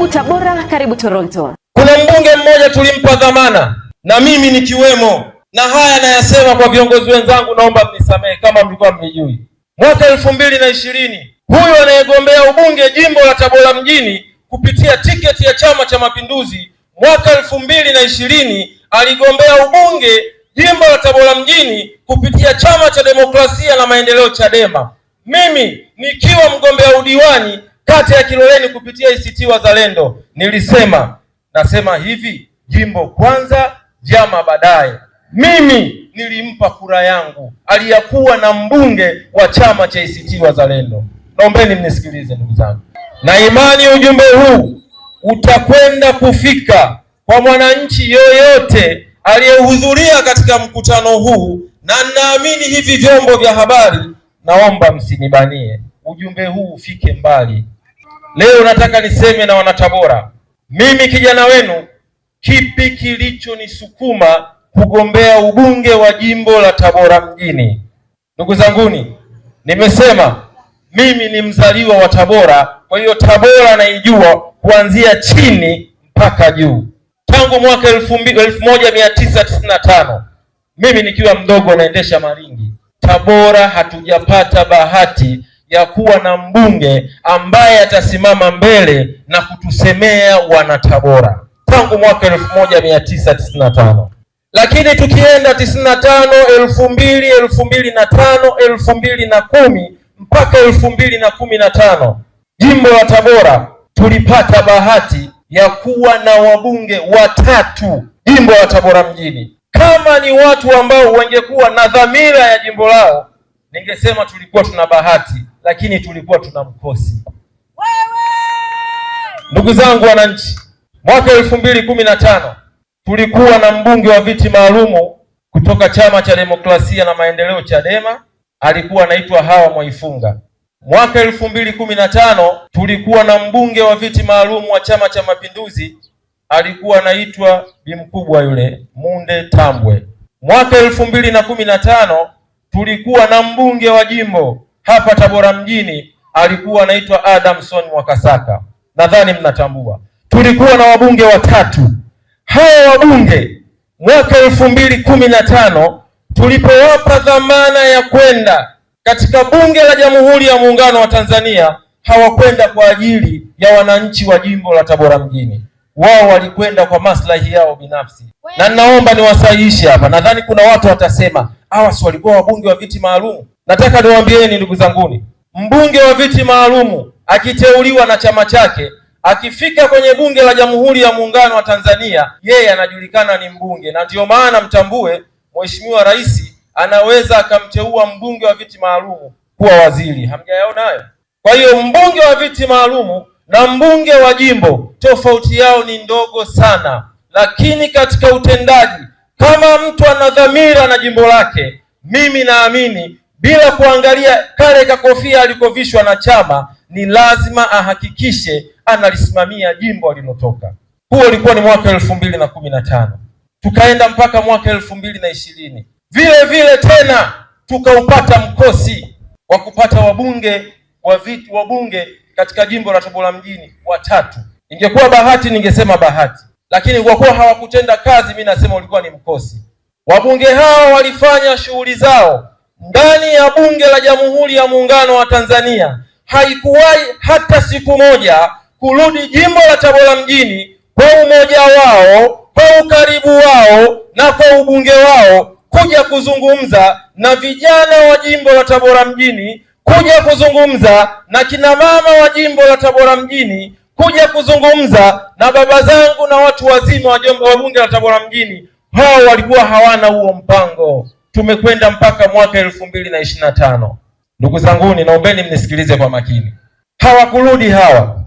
Karibu Tabora, karibu Toronto. Kuna mbunge mmoja tulimpa dhamana na mimi nikiwemo, na haya nayasema kwa viongozi wenzangu, naomba mnisamehe kama mlikuwa mnijui. Mwaka elfu mbili na ishirini huyo anayegombea ubunge jimbo la Tabora mjini kupitia tiketi ya Chama cha Mapinduzi mwaka elfu mbili na ishirini aligombea ubunge jimbo la Tabora mjini kupitia Chama cha Demokrasia na Maendeleo, Chadema. Mimi nikiwa mgombea udiwani kata ya Kiloleni kupitia ACT Wazalendo nilisema, nasema hivi, jimbo kwanza, vyama baadaye. Mimi nilimpa kura yangu aliyakuwa na mbunge wa chama cha ACT Wazalendo. Naombeni mnisikilize ndugu zangu, na imani ujumbe huu utakwenda kufika kwa mwananchi yoyote aliyehudhuria katika mkutano huu, na naamini hivi vyombo vya habari, naomba msinibanie, ujumbe huu ufike mbali. Leo nataka niseme na wanatabora, mimi kijana wenu, kipi kilichonisukuma kugombea ubunge wa jimbo la Tabora mjini? Ndugu zanguni, nimesema mimi ni mzaliwa wa Tabora, kwa hiyo Tabora naijua kuanzia chini mpaka juu. Tangu mwaka elfu moja mia tisa tisini na tano mimi nikiwa mdogo naendesha maringi Tabora, hatujapata bahati ya kuwa na mbunge ambaye atasimama mbele na kutusemea wanatabora tangu mwaka elfu moja mia tisa tisini na tano lakini tukienda tisini na tano elfu mbili elfu mbili na tano elfu mbili na kumi mpaka elfu mbili na kumi na tano jimbo la Tabora tulipata bahati ya kuwa na wabunge watatu jimbo la Tabora mjini. Kama ni watu ambao wangekuwa na dhamira ya jimbo lao, ningesema tulikuwa tuna bahati, lakini tulikuwa tuna mkosi Ndugu zangu wananchi, mwaka elfu mbili kumi na tano tulikuwa na mbunge wa viti maalumu kutoka Chama cha Demokrasia na Maendeleo, Chadema, alikuwa anaitwa Hawa Mwaifunga. Mwaka elfu mbili kumi na tano tulikuwa na mbunge wa viti maalumu wa Chama cha Mapinduzi, alikuwa anaitwa Bimkubwa yule Munde Tambwe. Mwaka elfu mbili na kumi na tano tulikuwa na mbunge wa jimbo hapa Tabora mjini alikuwa anaitwa Adamson Mwakasaka, nadhani mnatambua. Tulikuwa na wabunge watatu. Hawa wabunge mwaka elfu mbili kumi na tano tulipowapa dhamana ya kwenda katika bunge la Jamhuri ya Muungano wa Tanzania hawakwenda kwa ajili ya wananchi wa jimbo la Tabora mjini, wao walikwenda kwa maslahi yao binafsi. Na ninaomba niwasahihishe hapa, nadhani kuna watu watasema hawa si walikuwa wabunge wa viti maalum. Nataka niwaambieni ndugu zanguni, mbunge wa viti maalumu akiteuliwa na chama chake akifika kwenye bunge la Jamhuri ya Muungano wa Tanzania, yeye anajulikana ni mbunge, na ndiyo maana mtambue, Mheshimiwa Rais anaweza akamteua mbunge wa viti maalumu kuwa waziri. Hamjayaona hayo? Kwa hiyo mbunge wa viti maalumu na mbunge wa jimbo tofauti yao ni ndogo sana, lakini katika utendaji, kama mtu ana dhamira na jimbo lake, mimi naamini bila kuangalia kale kakofia alikovishwa na chama, ni lazima ahakikishe analisimamia jimbo alilotoka. Huo ulikuwa ni mwaka elfu mbili na kumi na tano tukaenda mpaka mwaka elfu mbili na ishirini vile vile tena tukaupata mkosi wa kupata wabunge wa viti wabunge katika jimbo la Tabora mjini watatu. Ingekuwa bahati ningesema bahati, lakini kwa kuwa hawakutenda kazi, mi nasema ulikuwa ni mkosi. Wabunge hao walifanya shughuli zao ndani ya Bunge la Jamhuri ya Muungano wa Tanzania haikuwahi hata siku moja kurudi jimbo la Tabora mjini kwa umoja wao, kwa ukaribu wao na kwa ubunge wao kuja kuzungumza na vijana wa jimbo la Tabora mjini, kuja kuzungumza na kina mama wa jimbo la Tabora mjini, kuja kuzungumza na baba zangu na watu wazima wa bunge la Tabora mjini. Hao walikuwa hawana huo mpango tumekwenda mpaka mwaka elfu mbili na ishirini na tano. Ndugu zanguni, naombeni mnisikilize kwa makini. Hawakurudi hawa.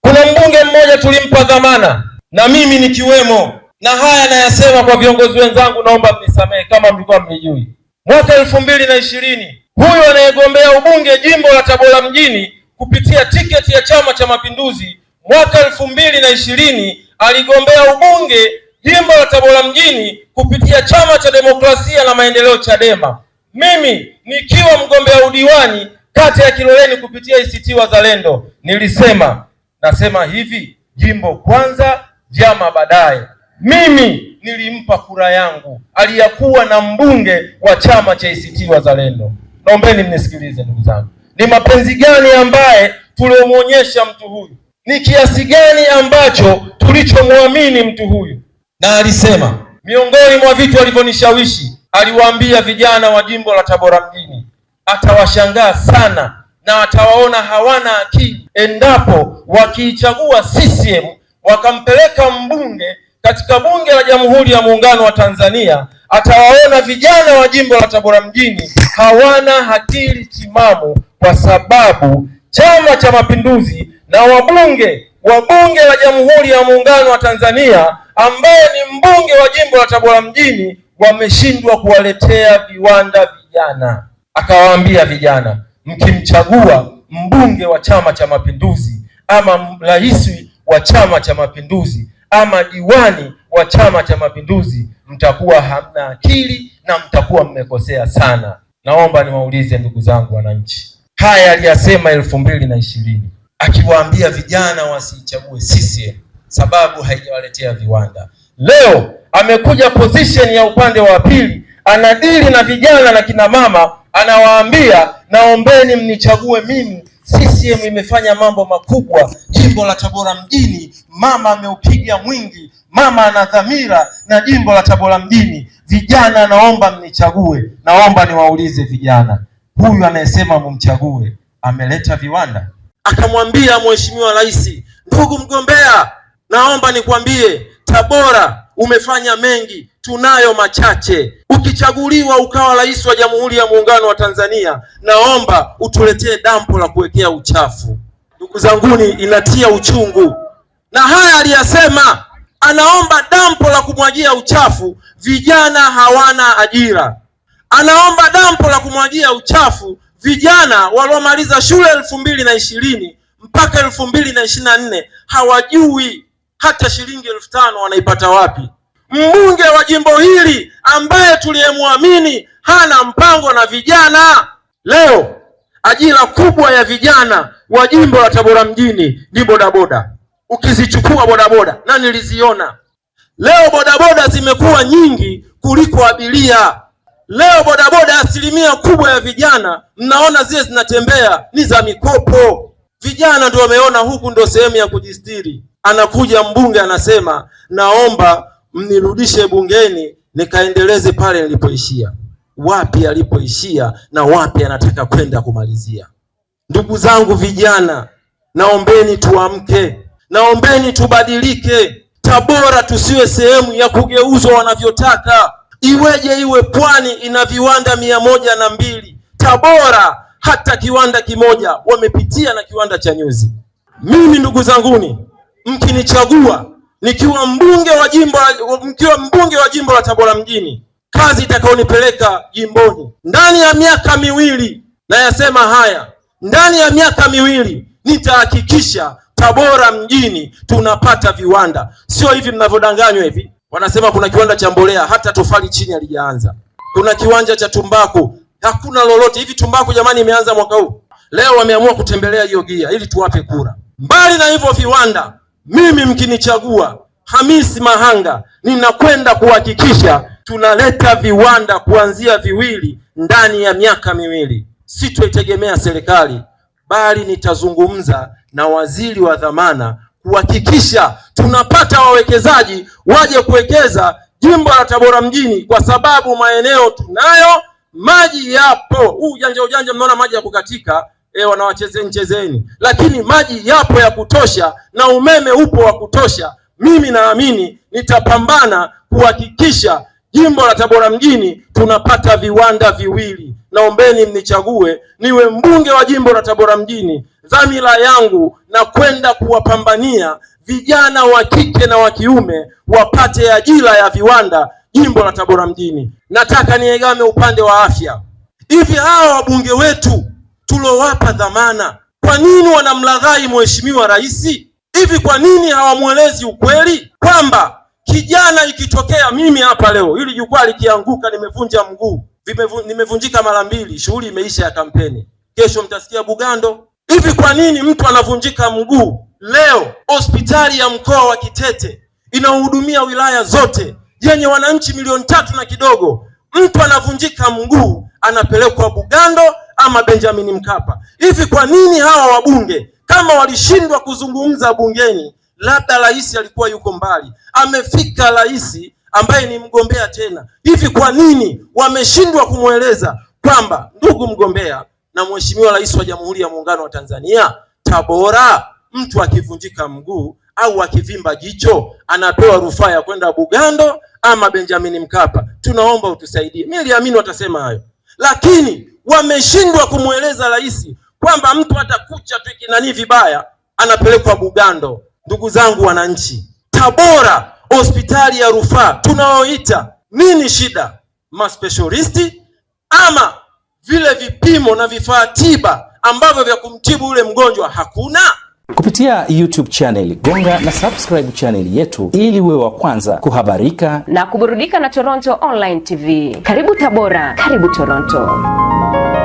Kuna mbunge mmoja tulimpa dhamana na mimi nikiwemo, na haya nayasema kwa viongozi wenzangu, naomba mnisamehe kama mlikuwa mnijui. Mwaka elfu mbili na ishirini huyu anayegombea ubunge jimbo la Tabora mjini kupitia tiketi ya Chama cha Mapinduzi mwaka elfu mbili na ishirini aligombea ubunge jimbo la Tabora mjini kupitia Chama cha Demokrasia na Maendeleo Chadema, mimi nikiwa mgombea udiwani kata ya Kiloleni kupitia ACT Wazalendo, nilisema nasema hivi, jimbo kwanza, vyama baadaye. Mimi nilimpa kura yangu aliyakuwa na mbunge wa chama cha ACT Wazalendo. Naombeni mnisikilize ndugu zangu, ni mapenzi gani ambaye tuliomwonyesha mtu huyu? Ni kiasi gani ambacho tulichomwamini mtu huyu? na alisema, miongoni mwa vitu alivyonishawishi, aliwaambia vijana wa jimbo la Tabora mjini atawashangaa sana na atawaona hawana akili endapo wakiichagua CCM wakampeleka mbunge katika bunge la Jamhuri ya Muungano wa Tanzania, atawaona vijana wa jimbo la Tabora mjini hawana akili timamu, kwa sababu Chama cha Mapinduzi na wabunge wa bunge la Jamhuri ya Muungano wa Tanzania ambaye ni mbunge wa jimbo la Tabora mjini wameshindwa kuwaletea viwanda vijana. Akawaambia vijana, mkimchagua mbunge wa Chama cha Mapinduzi ama rais wa Chama cha Mapinduzi ama diwani wa Chama cha Mapinduzi, mtakuwa hamna akili na mtakuwa mmekosea sana. Naomba niwaulize ndugu zangu wananchi, haya aliyasema elfu mbili na ishirini akiwaambia vijana wasiichague CCM sababu haijawaletea viwanda. Leo amekuja position ya upande wa pili, anadili na vijana na kina mama, anawaambia naombeni mnichague mimi. CCM imefanya mambo makubwa jimbo la Tabora mjini, mama ameupiga mwingi, mama ana dhamira na jimbo la Tabora mjini. Vijana naomba mnichague. Naomba niwaulize vijana, huyu anayesema mumchague ameleta viwanda? Akamwambia mheshimiwa rais, ndugu mgombea Naomba nikwambie Tabora umefanya mengi, tunayo machache. Ukichaguliwa ukawa rais wa Jamhuri ya Muungano wa Tanzania, naomba utuletee dampo la kuwekea uchafu. Ndugu zanguni, inatia uchungu, na haya aliyasema, anaomba dampo la kumwagia uchafu. Vijana hawana ajira, anaomba dampo la kumwagia uchafu. Vijana waliomaliza shule elfu mbili na ishirini mpaka elfu mbili na ishirini na nne hawajui hata shilingi elfu tano wanaipata wapi? Mbunge wa jimbo hili ambaye tuliyemwamini hana mpango na vijana. Leo ajira kubwa ya vijana wa jimbo la Tabora mjini ni bodaboda. Ukizichukua bodaboda, na niliziona leo, bodaboda zimekuwa nyingi kuliko abiria. Leo bodaboda, asilimia kubwa ya vijana mnaona zile zinatembea ni za mikopo. Vijana ndio wameona huku ndio sehemu ya kujistiri. Anakuja mbunge anasema, naomba mnirudishe bungeni nikaendeleze pale nilipoishia. Wapi alipoishia na wapi anataka kwenda kumalizia? Ndugu zangu vijana, naombeni tuamke, naombeni tubadilike. Tabora tusiwe sehemu ya kugeuzwa wanavyotaka. Iweje iwe pwani ina viwanda mia moja na mbili Tabora hata kiwanda kimoja, wamepitia na kiwanda cha nyuzi. Mimi ndugu zanguni, mkinichagua nikiwa mbunge wa jimbo mkiwa mbunge wa jimbo la Tabora mjini, kazi itakayonipeleka jimboni ndani ya miaka miwili, nayasema haya, ndani ya miaka miwili nitahakikisha Tabora mjini tunapata viwanda. Sio hivi mnavyodanganywa hivi, wanasema kuna kiwanda cha mbolea, hata tofali chini halijaanza. Kuna kiwanja cha tumbaku, hakuna lolote. Hivi tumbaku jamani, imeanza mwaka huu, leo wameamua kutembelea hiyo gia ili tuwape kura. Mbali na hivyo viwanda, mimi mkinichagua, Hamisi Mahanga, ninakwenda kuhakikisha tunaleta viwanda kuanzia viwili ndani ya miaka miwili. Sitoitegemea serikali, bali nitazungumza na waziri wa dhamana kuhakikisha tunapata wawekezaji waje kuwekeza jimbo la Tabora mjini, kwa sababu maeneo tunayo maji yapo. Huu ujanja ujanja, mnaona maji ya kukatika e, eh, wanawachezeni chezeni, lakini maji yapo ya kutosha na umeme upo wa kutosha. Mimi naamini nitapambana kuhakikisha jimbo la Tabora mjini tunapata viwanda viwili. Naombeni mnichague niwe mbunge wa jimbo la Tabora mjini. Dhamira yangu na kwenda kuwapambania vijana wa kike na wa kiume wapate ajira ya viwanda jimbo la Tabora mjini. Nataka niegame upande wa afya. Hivi hawa wabunge wetu tuliowapa dhamana, kwa nini wanamlaghai mheshimiwa rais? Hivi kwa nini hawamwelezi ukweli kwamba kijana, ikitokea mimi hapa leo ili jukwaa likianguka, nimevunja mguu, nimevunjika mara mbili, shughuli imeisha ya kampeni, kesho mtasikia Bugando. Hivi kwa nini mtu anavunjika mguu leo hospitali ya mkoa wa Kitete inahudumia wilaya zote yenye wananchi milioni tatu na kidogo, mtu anavunjika mguu anapelekwa Bugando ama Benjamin Mkapa. Hivi kwa nini hawa wabunge kama walishindwa kuzungumza bungeni? Labda rais alikuwa yuko mbali, amefika rais ambaye ni mgombea tena. Hivi kwa nini wameshindwa kumweleza kwamba ndugu mgombea na mheshimiwa rais wa Jamhuri ya Muungano wa Tanzania, Tabora mtu akivunjika mguu au akivimba jicho anapewa rufaa ya kwenda Bugando ama Benjamin Mkapa, tunaomba utusaidie. Mimi niliamini watasema hayo, lakini wameshindwa kumweleza rais kwamba mtu hata kucha tu ikinanii vibaya anapelekwa Bugando. Ndugu zangu wananchi, Tabora hospitali ya rufaa tunaoita nini, shida maspecialisti ama vile vipimo na vifaa tiba ambavyo vya kumtibu ule mgonjwa hakuna kupitia YouTube channel. Gonga na subscribe channel yetu ili wewe wa kwanza kuhabarika na kuburudika na Toronto Online TV. Karibu Tabora, karibu Toronto.